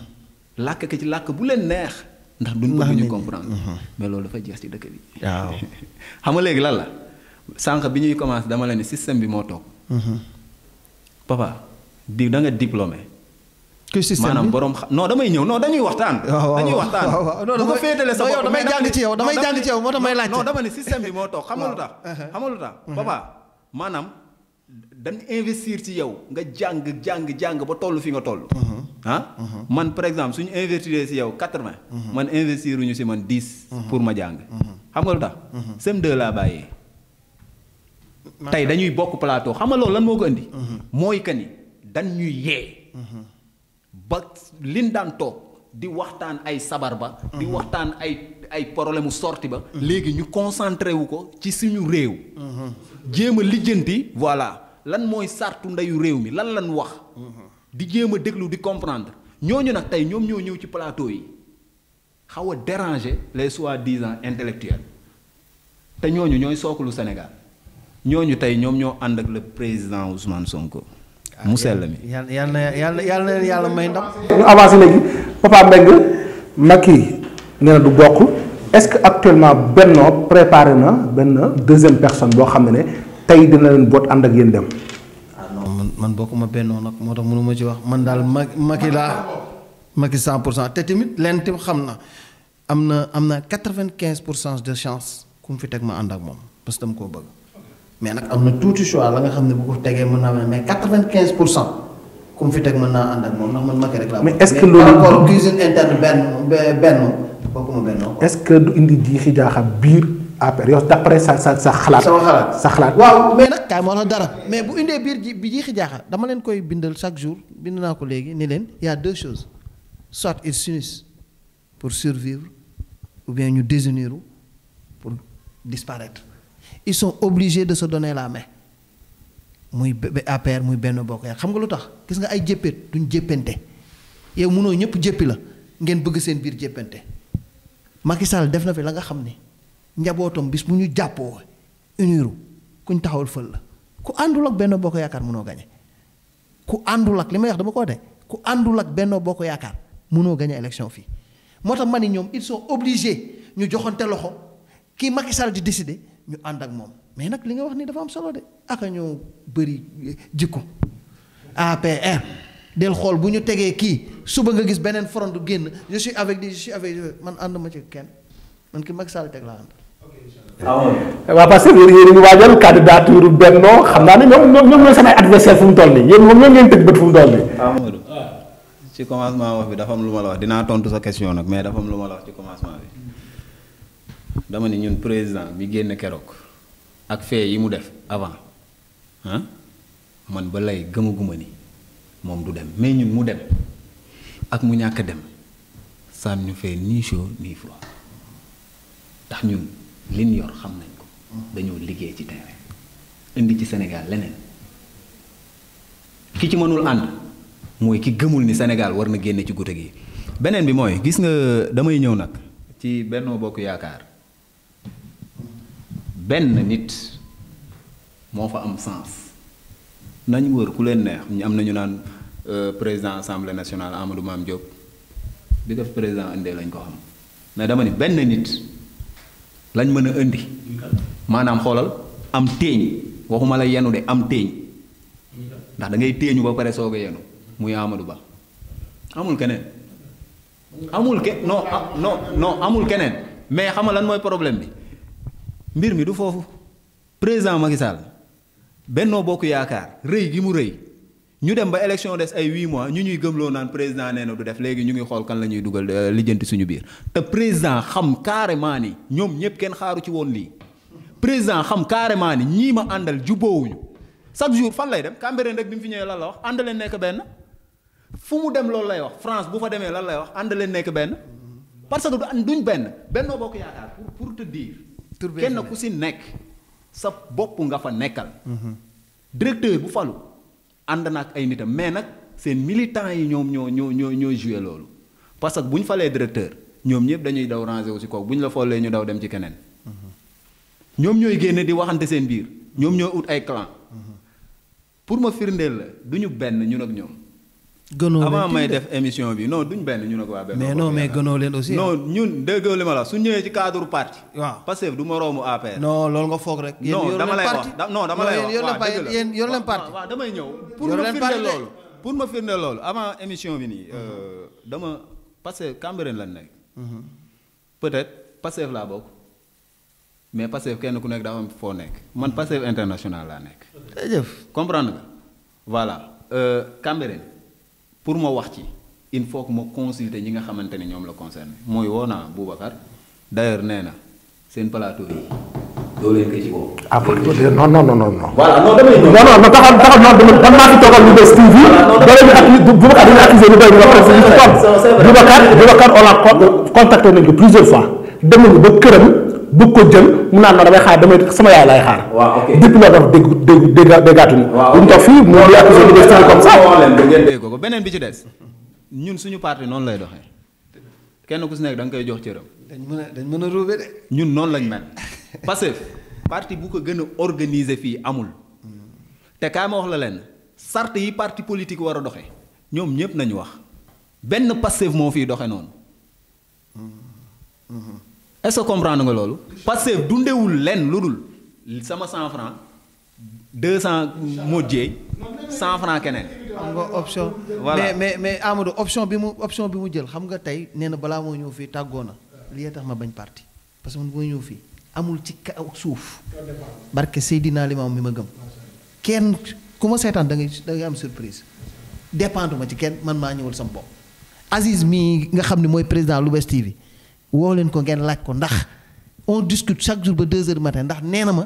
S3: làkk ko ci làkk bu leen neex. ndax duñ bëgg ñu comprendre mais loolu dafa jeex ci dëkk bi waaw xam nga léegi lan la sanq bi ñuy commencé dama la ne système bi moo toog papa di da nga diplômé que système maanaam borom xa non ñëw non dañuy waxtaan. dañuy waxtaan bu ko féetale sa bopp damay jàng ci yow damay jàng ci yow moo tax may laaj non dama ne système bi moo toog xam nga lu tax. xam nga lu tax papa maanaam. dañ investir ci yow nga jàng jàng jàng ba toll fi nga toll. ah man par exemple suñu investir ci yow quatre-vingt. man investir ñu ci man dix. pour ma jàng. xam nga lu tax. CM2 laa bàyyee. tey dañuy bokk plateau xam lan moo ko indi. mooy que ni dañ ñuy yee. ba liñ daan toog di waxtaan ay sabar ba. di waxtaan ay. ay problème mu sorti ba. léegi ñu concentré wu ko ci suñu réew. jéem a lijjanti. voilà lan mooy sartu ndeyu réew mi lan lan wax. di jéem a déglu di comprendre ñooñu nag tey ñoom ñoo ñëw ci palaato yi xaw a déranger les soi-disant intellectuels te ñooñu ñooy sookulu Sénégal ñooñu tey ñoom ñoo ànd ak le président Ousmane Sonko. mu sell mi
S2: yàlla yàlla yàlla yàlla may ndax
S1: ñu avancé léegi Papa Mbengue Macky nee na du bokk est-ce que actuellement Benno préparé na benn deuxième personne boo xam ne tey dina leen boot ànd ak yéen dem.
S2: Ah man man bokkuma Benno nag moo tax mënuma ci wax man daal ma Macky laa Macky 100 pour tamit leen xam na am na am na 95 pour cent de chance ku mu fi teg ma ànd moom parce que dama koo bëgg mais nag am na tuuti choix la nga xam ne bu ko tegee mën naa mel mais 95 pour cent ku mu fi teg mën naa ànd ak moom man Macky rek laa. mais est que loolu mais par benn benn. bokkuma Benno est-ce que du indi jiixi
S1: jaaxa biir APR yow d'après sa sa sa xalaat. sama xalaat sa xalaat. waaw mais
S2: nag kaay moo la dara mais bu indee biir ji bi jiixi jaaxa dama leen koy bindal chaque jour bind naa ko léegi ni leen y a deux choses soit ils s'unissent pour survivre ou bien ñu désunir pour disparaître il sont obligé de se donner la mais muy APR muy benn bokk xam nga lu tax gis nga ay jëppeet duñ jëppante yow mënoo ñëpp jëppi la ngeen bëgg seen biir jëppante Macky Sall def na fi la nga xam ne njabootam bis mu ñu jàppoo uniru kuñ taxawal fël la ku àndul ak Benno Bokk Yaakaar mënoo gañe ku àndul ak li may wax dama ko de ku àndul ak Benno Bokk Yaakaar mënoo gañe élection fii moo tax ma ni ñoom ils sont obligés ñu joxante loxo kii Macky Sall di décider ñu ànd ak moom mais nag li nga wax nii dafa am solo de ak ñoo bëri jikko APR del xool bu ñu tegee kii suba nga gis beneen front du génn je suis avec di je suis avec man ànd ma ci kenn man ki Macky Sall teg laa ànd.
S1: waaw ah waaw parce que yéen a ngi waajal candidature Benno xam naa ne ñoom ñoom ñooy samay adversaire fu mu toll nii yéen moom ñoo ngeen tëj bët fu mu toll nii.
S3: Amadou ci commencement wax bi dafa am lu ma la wax dinaa tontu sa question nag mais dafa am lu ma la wax ci commencement bi dama ne ñun président bi génn keroog ak fee yi mu def avant ah man ba lay gëmaguma ni moom du dem mais ñun mu dem. ak mu ñàkk dem ça ñu fait ni chaud ni froid ndax ñun liñ yor xam nañ ko dañoo liggéey ci terrain indi ci Sénégal leneen ki ci mënul ànd mooy ki gëmul ni Sénégal war na génne ci gute gi beneen bi mooy gis nga damay ñëw nag ci Benno Bokk Yaakaar benn nit moo fa am sens nañ wër ku leen neex ñu am nañu naan Euh, président assemblée nationale Amadou am Diop bi def président indee lañ ko xam mais dama ni benn nit lañ mën a indi maanaam xoolal am téeñ waxuma la yenu de am téeñ ndax da ngay téeñu ba pare soog a yenu muy Amadou Ba amul keneen amul ke non ah, non non amul keneen mais xam nga lan mooy problème bi mbir mi du foofu président Macky Sall Benno Bokk Yaakaar rëy gi mu rëy ñu dem ba élection des ay huit mois ñu ñuy gëmloo naan président nee na du def léegi ñu ngi xool kan la ñuy dugal euh, lijjanti suñu biir te président xam carrément ni ñoom ñëpp kenn xaaru ci woon lii président xam carrément ni ñii ma àndal jubboowuñu chaque jour fan lay dem Cambérène rek bi mu fi ñëwee lan la wax ànd leen nekk benn fu mu dem loolu lay wax France bu fa demee lan lay wax ànd leen nekk benn parce que du duñ benn bennoo bokk yaakaar pour pour te dire. kenn ku si nekk sa bopp nga fa nekkal. Mhm. directeur bu ànd na ak ay nitam mais nag seen militants yi ñoom ñoo ñoo ñoo ñoo joué loolu parce que bu ñu falee directeur ñoom ñëpp dañuy daw rangé wu si kooku bu ñu la foolee ñu daw dem ci keneen ñoom ñooy génne di waxante seen biir ñoom ñoo ut ay clan mm-hmm. pour ma firndeel la du ñu benn ñun ak ñoom.
S2: gënoo leen may def
S3: émission bi non duñ benn ñu ne ko waa benn. mais non mais
S2: gënoo leen aussi. non ah.
S3: ñun déggoo li ma la su ñëwee ci cadre parti. waaw Pastef du moroomu APR.
S2: non loolu nga foog rek. yéen yor leen parti non dama lay wax waaw dëgg la yéen yor leen parti. waaw
S3: pour ma firnde loolu pour avant émission bi nii. Mhm. Euh, dama Pastef Cambérène lan nekk. Mhm. peut-être Pastef laa bokk. mais Pastef kenn ku nekk daa am foo nekk man mhm. Pastef international laa nekk. jërëjëf comprendre nga voilà euh, Cambérène. pour ma wax ci il faut que ma consulter ñi nga xamante ne ñoom la concerné mooy woo naa Boubacar d'ailleurs nee na
S1: seen plateau yi. doo leen ko ci woo. ah non non non non. voilà non damay. non non non taxaw taxaw naa dama man maa fi toogal Louga TV. Boubacar dañuy accusé ñu bëri ñu wax rek. Boubacar Boubacar on l'a contacté nañ ko plusieurs fois dem nañu ba këram. bëgg ko jël mu naan non damay xaar damay sama yaay laay xaar. waaw ok depuis loolu dafa dégg dégg dégg déggaatuñu. waaw ok fii mu ngi accusé di def comme ça.
S3: ko beneen bi ci des ñun suñu parti noonu lay doxee kenn ku si nekk da koy jox cëram.
S2: dañ mën a dañ mën a ruube
S3: ñun noonu lañ mel parce que parti bu ko gën a organiser fii amul te kaay ma wax la leen sart yi parti politique war a doxee ñoom ñëpp nañu wax benn Pastef moo fiy doxee noonu.
S2: Mm-hmm. Mm-hmm.
S3: est-ce comprendre nga loolu parce que dundewul lenn lu dul sama 100 francs 200 mujjee 100 francs keneen.
S2: xam nga option. mais mais mais Amadou option bi mu option bi mu jël xam nga tey nee na balaa moo ñëw fii tàggoona li tax ma bañ parti parce que man ñëw fii amul ci kaw suuf barke Seydina Limam mi ma gëm kenn ku ma seetaan da ngay da ngay am surprise dépendre ma ci kenn man maa ñëwal sama bopp. Aziz mii nga xam ne mooy président Lou'Bess TV woo leen ko ngeen laaj ko ndax on discute chaque jour ba deux heures du matin ndax nee na ma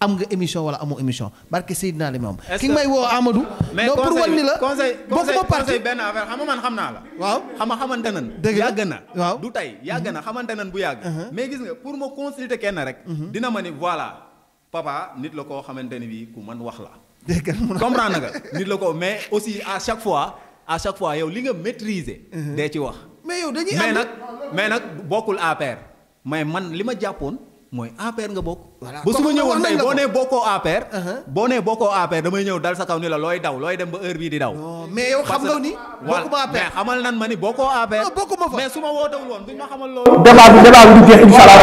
S2: am nga émission wala amoo émission barke Seydina Limam ki woo Amadou. mais pour wan ni la conseil conseil
S3: benn affaire xam nga man xamante nan. dëgg yàgg na waaw du tey yàgg na xamante nan bu yàgg. Uh-huh. mais pour ma consulter kenn rek. Uh-huh. dina ma ni voilà papa nit la koo xamante ni bii ku man wax la. dégg comprendre nga nit la ko mais aussi à chaque fois à chaque fois yow li nga maîtriser. Uh-huh. dee ci wax.
S2: mais yow dañuy mais nag
S3: mais nag bokkul APR mais man li ma jàppoon mooy APR nga bokk. voilà ba su ma ñëwoon tey boo nee bokkoo APR. Uh-huh. boo nee bokkoo APR damay ñëw dal sa kaw ni la looy daw looy dem ba heure bii di daw. mais yow xam nga ni. bokkuma APR mais xamal nan
S2: ma ni bokkoo APR. non bokkuma fa mais su ma wootewul woon
S1: duñ ma xamal loolu. débat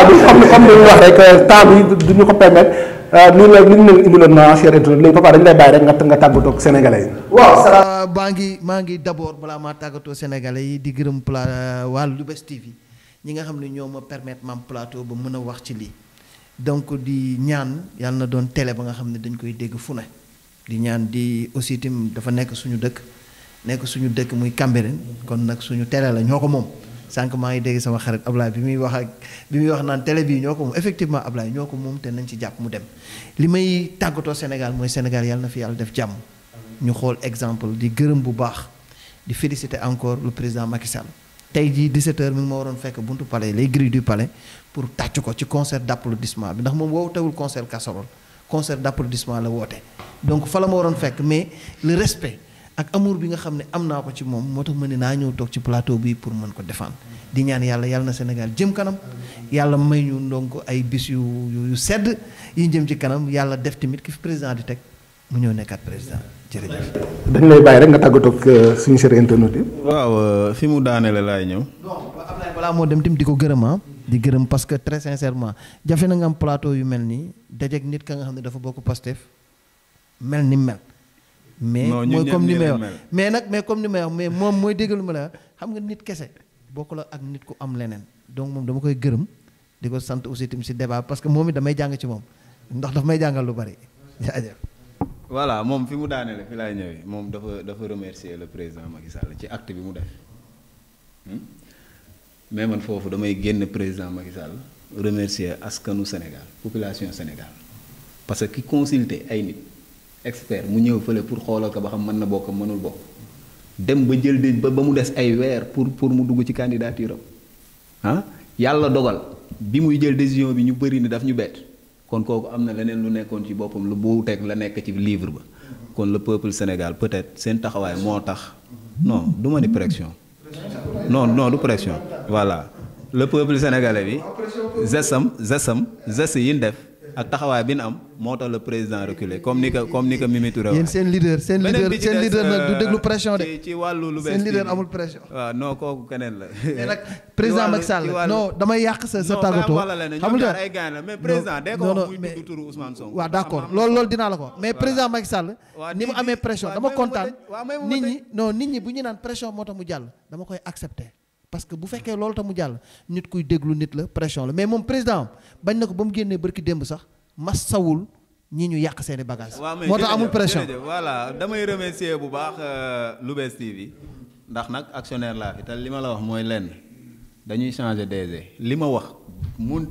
S1: bi débat bi du ñu ko permettre. lii nag li ñu leen indiloon naa cher internet léegi papa dañu lay bàyyi rek nga nga tàggatoo ak sénégalais yi. waaw
S2: ah, salaam. maa ngi maa ngi d' abord balaa maa tàggatoo sénégalais yi di gërëm pla euh, waa Lou'Bess TV ñi nga xam ne ñoo ma permettre maam plateau ba mën a wax ci lii donc di ñaan yàlla na doon télé ba nga xam ne dañ koy dégg fu ne di ñaan di aussi tim dafa nekk suñu dëkk nekk suñu dëkk muy Cambérène kon nag suñu télé la ñoo ko moom. sànq maa ngi dégg sama xarit Ablaye bi muy wax ak bi muy wax naan télé bii ñoo ko moom effectivement Ablaye ñoo ko moom te nañ ci jàpp mu dem li may tàggatoo Sénégal mooy Sénégal yàlla na fi yàlla def jàmm ñu xool exemple di gërëm bu baax di féliciter encore le président Macky Sall tey jii 17h mi ngi ma waroon fekk buntu palais les grilles du palais pour tàcc ko ci concert d'applaudissement bi ndax moom wootewul concert casserole concert d'applaudissement la woote donc fa la ma ak amour bi nga xam ne am naa ko ci moom moo tax ma ne naa ñëw toog ci plateau bi pour mën ko defaan di ñaan yàlla yàlla na Sénégal jëm kanam yàlla may ñu donc ay bis yu yu sedd yi jëm ci kanam yàlla def tamit ki fi président di teg mu ñëw nekkaat président jërëjëf.
S3: dañ lay bàyyi rek nga
S1: tàggatoo ak euh, suñu sër internet yi.
S3: waaw euh, fi mu daaneele laay ñëw.
S2: non balaa moo dem tamit di ko gërëm ah, di gërëm parce que très sincèrement jafe na nga am plateau yu mel nii dajeeg nit ka nga xam ne dafa bokk Pastef mel ni mel. mais mooy comme ni may wax mais nag mais comme ni may wax mais moom mooy dégg la xam nga nit kese bokkul ak nit ku am leneen donc moom dama koy gërëm di ko sant aussi tamit si débat parce que moom it damay jàng ci moom ndax daf may jàngal lu bari jaajëf.
S3: voilà moom fi mu daaneel fi laay ñëwee moom dafa dafa remercier le président Macky Sall ci act bi mu def hmm? mais man foofu damay génn président Macky Sall remercier askanu Sénégal population Sénégal parce que ki consulter ay nit. expert mu ñëw fële pour xoolal ko ba xam mën na bokk mënul bokk dem ba jël de ba ba mu des ay weer pour pour mu dugg ci candidature am ah? yàlla dogal bi muy jël décision bi ñu bëri ne daf ñu bett kon kooku am na leneen lu nekkoon ci boppam lu bu teg la nekk ci livre ba kon le peuple Sénégal peut-être seen taxawaay moo tax no du ma ni pression non non du pression voilà le peuple sénégalais bi zesam zesam zes yi ñu def ak taxawaay bi nu am moo tax le président reculé comme ni ko comme ni ko Mimi
S2: Touré yéen seen leader seen leader seen leader nag du euh, déglu pression de
S3: ci wàllu lu bees seen leader amul pression waaw
S2: mais nag yàq sa sa tàggatoo xamul da ay gaañ la mais président dès ko wax muy tudd turu Ousmane Sonko waaw d'accord loolu loolu dinaa la ko mais président Macky Sall ni mu amee pression dama kontaan nit ñi non nit ñi bu ñu naan pression moo tax mu jàll dama koy accepter parce que bu fekkee loolu tam mu jàll nit kuy déglu nit la pression la mais moom président bañ na ko ba mu génnee barki démb sax mas sawul ñi ñu yàq seeni bagage moo tax amul pression
S3: voilà damay remercier bu baax euh, Lou'Bess TV ndax nag actionnaire laa fi te li ma la wax mooy lenn dañuy changer DG li ma wax mun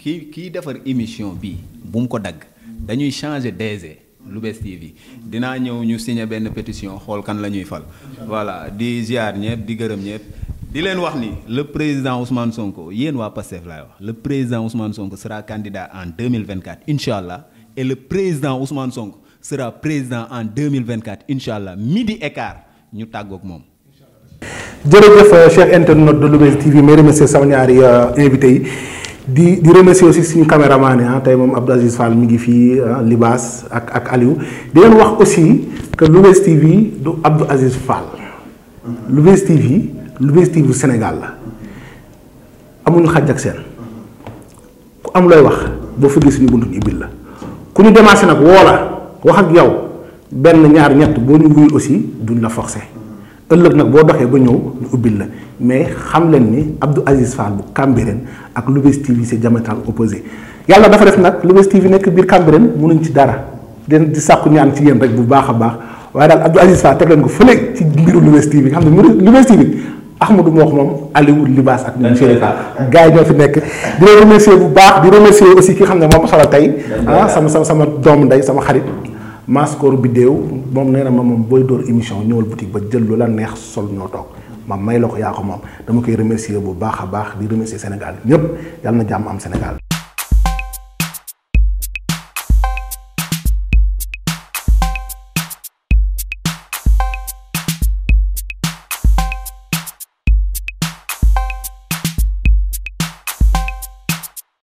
S3: kii kii defar émission bi bu mu ko dagg dañuy changer DG Lou'Bess TV dinaa ñëw ñu signer benn pétition xool kan la ñuy fal voilà di ziar ñëpp di gërëm ñëpp di leen wax ni le président Ousmane Sonko yéen waa Pastef laay wax le président Ousmane Sonko sera candidat en 2024 incha allah et le président Ousmane Sonko sera président en 2024 incha allah midi écart ñu tàggoog moom.
S1: jërëjëf euh, chers internautes de Lou'Bess TV may remercier sama ñaari euh, invités yi di di remercier aussi suñu caméraman yi ah tey moom Abdou Aziz Fall mi ngi fii ah, Libaas ak ak Aliou di leen wax aussi que Lou'Bess TV du Abdou Aziz Fall. Lou'Bess TV. lu bees TV senegal la amuñu xaj ak seen ku am looy wax boo fa gis suñu buntu ñu ibbil la ku ñu demaase nag woo la wax ak yow benn ñaar ñett boo ñu wuyul aussi duñ la forcé ëllëg nag boo doxee ba ñëw ñu ubbil la mais xam leen ni Abdou Aziz Fall bu Cambérène ak lu Lou'Bess TV c'est diamétral opposé yàlla dafa def nag lu Lou'Bess TV nekk biir Cambérène mënuñ ci dara den di sàkku ñaan ci yéen rek bu baax a baax waaye daal Abdou Aziz Fall teg leen ko fële ci mbiru Lou'Bess TV nga xam ne mbiru Ahmadou moo ko moom Aliou Libaas ak ñoom Chérif gars yi ñoo fi nekk di la bu baax di remercier aussi ki xam ne moom solal tey ah sama sama doom doomu ndey sama xarit Maskoor Bidéew moom nee na ma moom booy dóor émission ñëwal boutique ba jël lu la neex sol ñoo toog ma may loxo ko yaa ko moom dama koy remercier bu baax a baax di remercier Sénégal ñëpp yàlla na jàmm am Sénégal